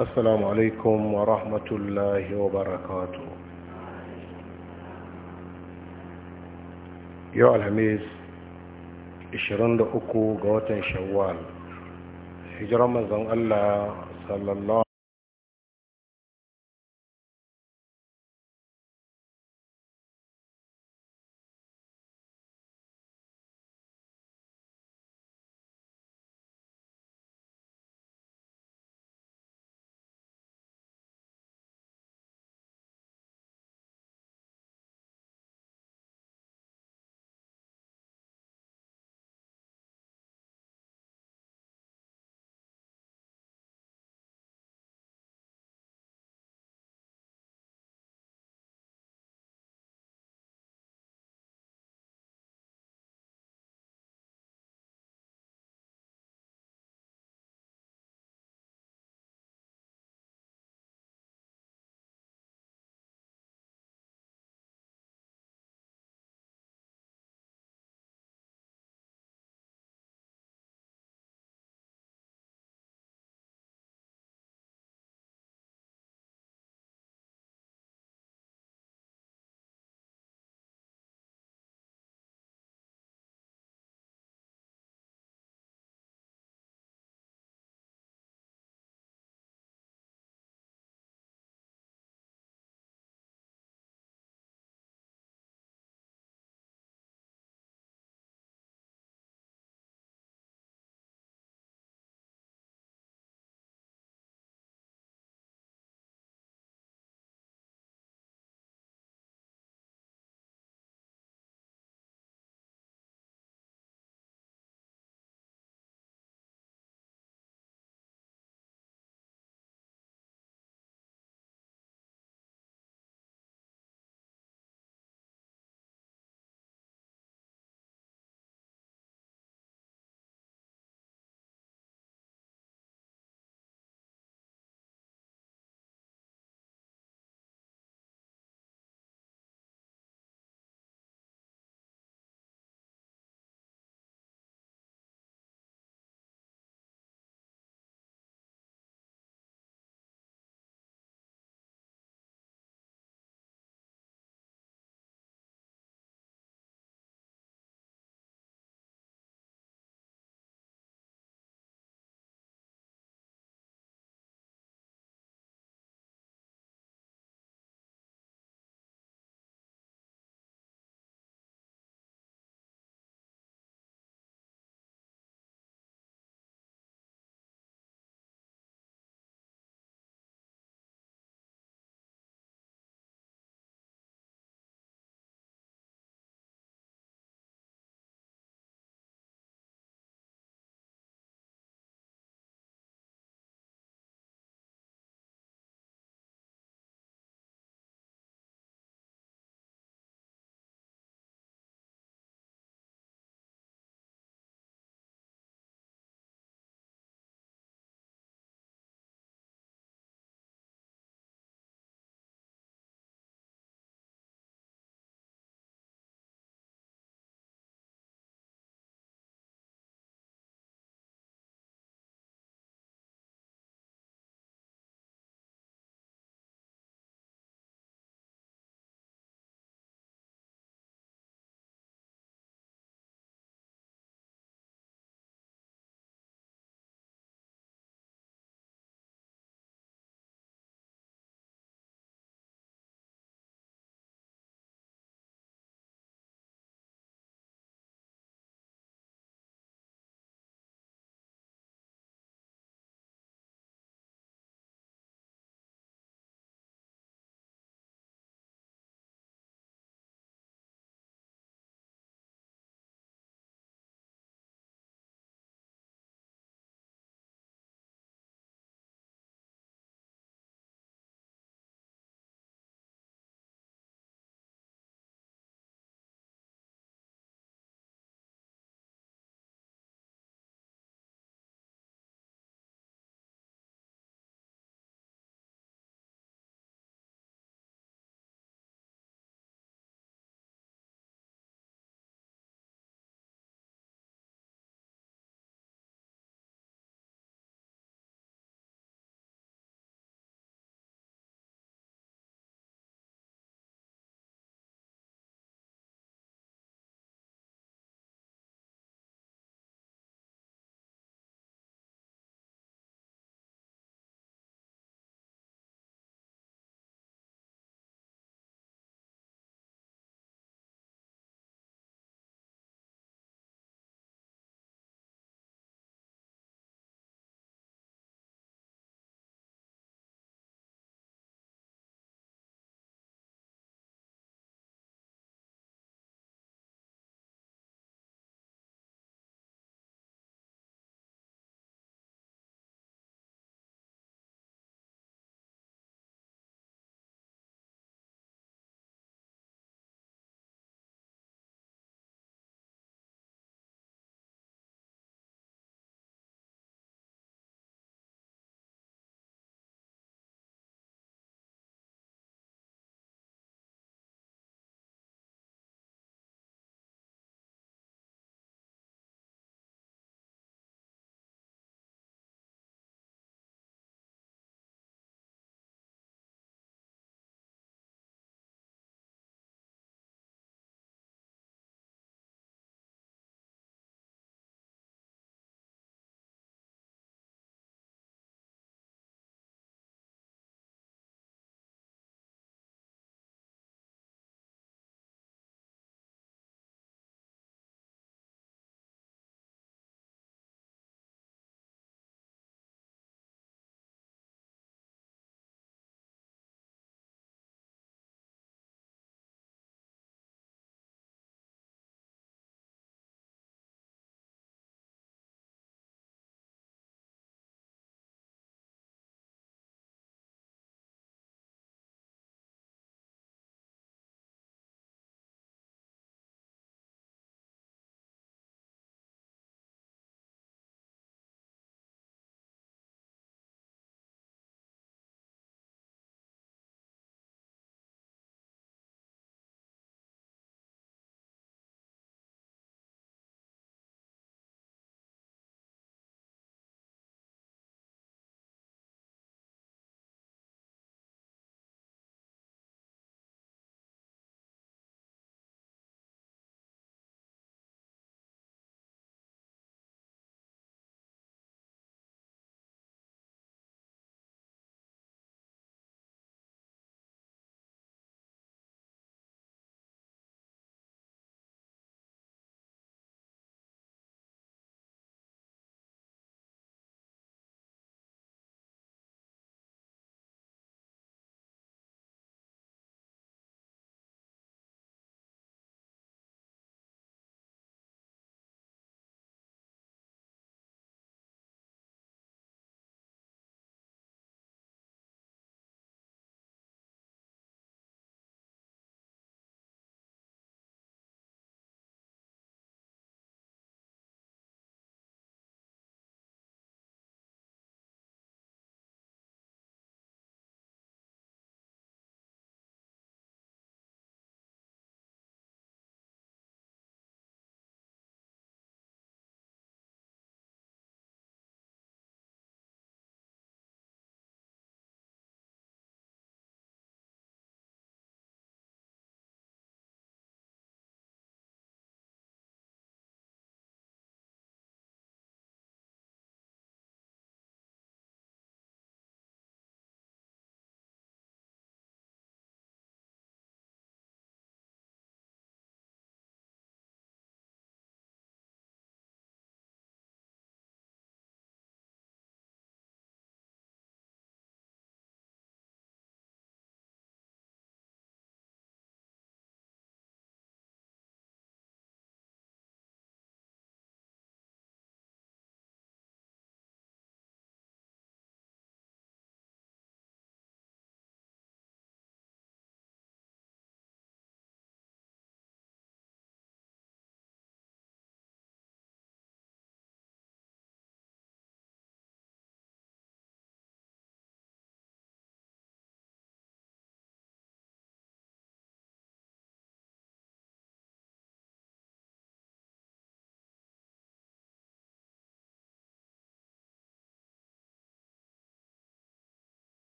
السلام عليكم ورحمة الله وبركاته يا الهميز uku ga watan shawwal hijiran manzon Allah sallallahu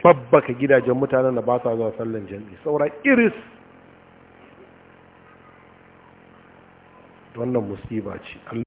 babbaka gidajen mutanen da ba sa zuwa sallan jami'i saura iris wannan musiba ce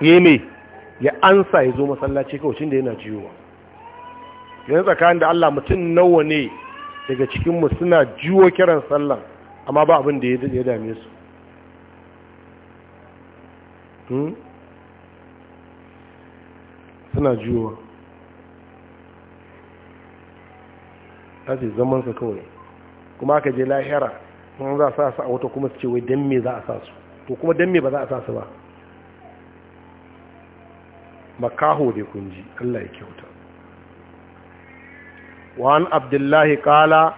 ya mai ya ansa ya zo masallaci kawacin da yana jiyowa yanzu tsakanin da Allah mutum nawa ne daga cikinmu suna jiwo kiran sallah amma ba abin da ya dame su hmm? suna jiyowa ta ce zamansa kawai kuma aka je lahira kuma za a sa su a wata kuma su ce wai don me za a sa su to kuma don me ba za a sa su ba makaho da kunji Allah ya kyauta wa'an abdullahi kala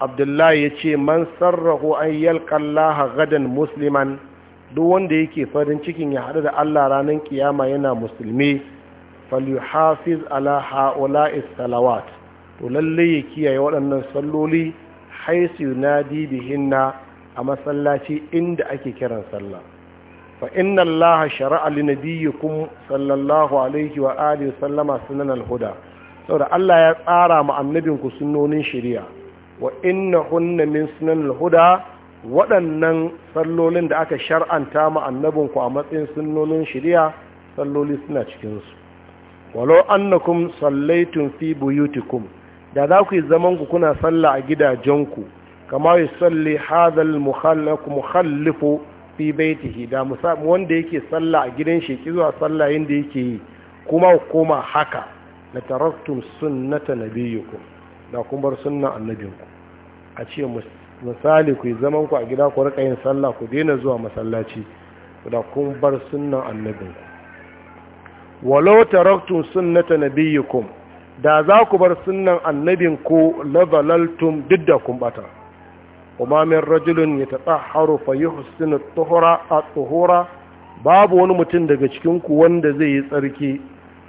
abdullahi ya ce man sarrahu an yalƙallaha gadan musliman duk wanda yake farin cikin ya haɗu da Allah ranar kiyama yana musulmi falyuhafiz ala ha'ula salawat to lalle ya kiyaye waɗannan salloli haisu yunadi bihinna a masallaci inda ake kiran sallah fa inna allaha shara'a li nabiyyikum sallallahu alaihi wa alihi sallama sunan al-huda saboda Allah ya tsara ma annabin ku sunnonin shari'a wa inna hunna min sunan al-huda waɗannan sallolin da aka shar'anta ma annabin ku a matsayin sunnonin shari'a salloli suna cikin su walau annakum sallaitum fi buyutikum da za ku yi zaman ku kuna sallah a gidajenku Kamar yi salli hadal mukhallafu fi baitihi da musamman wanda yake sallah a gidan shi ki zuwa sallah yanda yake yi kuma koma haka la taraktum sunnata nabiyikum da kun bar sunnan annabinku a ce misali ku zaman ku a gida ku rika yin sallah ku daina zuwa masallaci da kun bar sunnan annabinku walau taraktum sunnata ku, da za ku bar sunnan annabinku la zalaltum duk da kun bata kuma min rajulun ya فيحسن fa yuhsinu باب tuhura متين tuhura babu wani mutum daga cikin ku wanda zai yi tsarki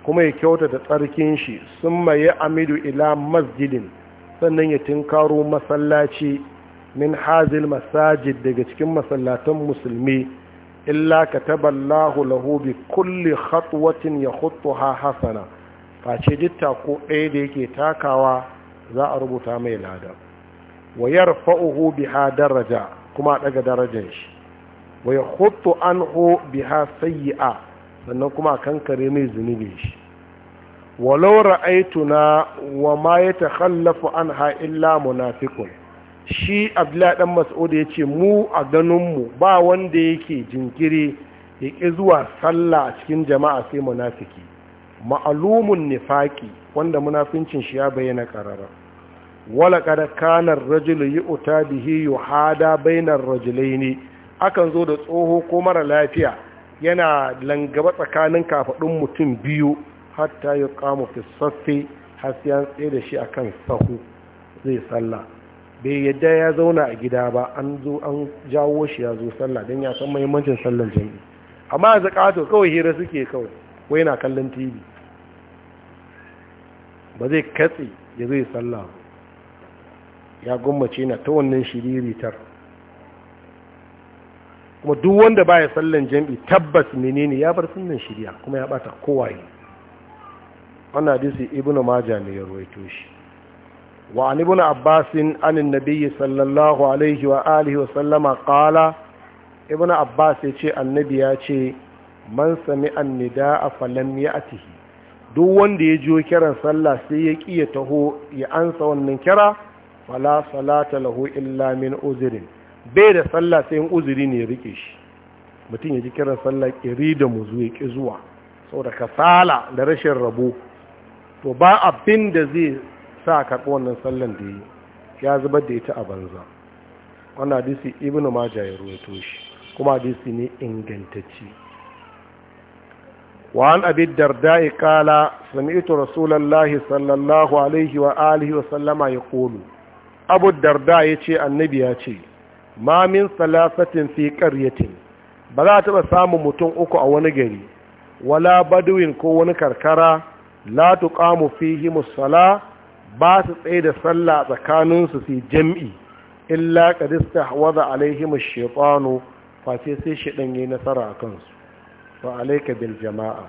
kuma ya kyautata tsarkin shi summa ya amidu ila masjidin sannan ya tinkaro masallaci min hazil masajid daga cikin masallatan musulmi illa kataballahu lahu bi kulli khatwatin yakhutuha hasana face ditta ko ɗaya da yake takawa za a rubuta mai ladan wa yarfa'uhu biha daraja kuma daga darajar shi wa an anhu biha sayyi'a sannan kuma kankare mai zunubi shi walau aituna wa ma yatakhallafu anha illa munafiqun shi abdullahi dan mas'ud yace mu a ganin mu ba wanda yake jinkiri yake zuwa sallah a cikin jama'a sai munafiki ma'alumun nifaki wanda munafincin shi ya bayyana karara wala kada kanar rajulu yi uta bihi yuhada bainar rajulaini akan zo da tsoho ko mara lafiya yana langaba tsakanin kafadun mutum biyu hatta ya kama fi saffi har sai tsaye da shi akan sahu zai sallah bai yadda ya zauna a gida ba an zo an jawo shi ya zo sallah don ya san mahimmancin sallar jami'i amma a zakato kawai hira suke kawai wai na kallon tv ba zai katse ya zai sallah ba ya gwammace na ta wannan shiriritar kuma duk wanda baya sallan jam'i tabbas menene ya bar sunan shiriya kuma ya bata kowaye wannan hadisi ibnu majah ne ya ruwaito shi wa an ibn abbasin an annabi sallallahu alaihi wa alihi wa sallama qala ibnu abbas ya ce annabi ya ce man sami annida'a falam ya'tihi duk wanda ya jiyo kiran sallah sai ya ya taho ya ansa wannan kira fala salata lahu illa min uzirin bai da sallah sai in uzuri ne ya rike shi mutum ya ji kiran sallah kiri da muzu ya ki zuwa saboda kasala da rashin rabo to ba abin da zai sa karɓi wannan sallan da yi ya zubar da ita a banza wannan hadisi ibnu majah ya ruwaito shi kuma hadisi ne ingantacce darda ya kala sami'tu rasulullahi sallallahu alaihi wa alihi wa sallama ya يقول abu darda ya ce annabi ya ce mamin salasatin fi karyatin ba za a taɓa samun mutum uku a wani gari wala baduwin ko wani karkara la tuqamu fihi musalla ba su tsaye da sallah tsakaninsu su jam'i illa qad istahwaza alaihim ash-shaytanu fa sai sai shedan yayi nasara a kansu fa alayka bil jama'a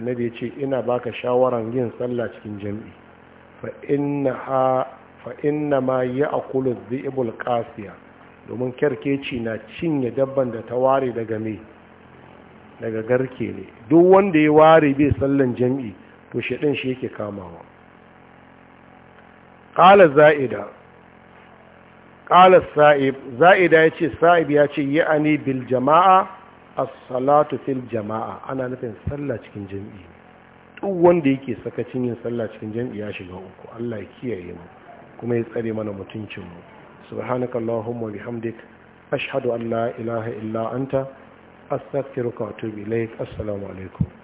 annabi ce ina baka shawaran yin sallah cikin jam'i fa fa inna ma ya akulu zibul kasiya domin kyarkeci na cinye dabban da ta ware daga me daga garke ne duk wanda ya ware bai sallan jam'i to shaɗin shi yake kamawa ƙala za'ida ƙala sa'ib za'ida ya ce sa'ib ya ce yi ani bil jama'a as-salatu fil jama'a ana nufin sallah cikin jam'i duk wanda yake sakacin yin sallah cikin jam'i ya shiga uku Allah ya kiyaye mu kuma ya tsare mana mutuncinmu subhanaka allahumma bihamdik ashhadu an la ilaha illa anta astaghfiruka wa atubu ilaik assalamu alaikum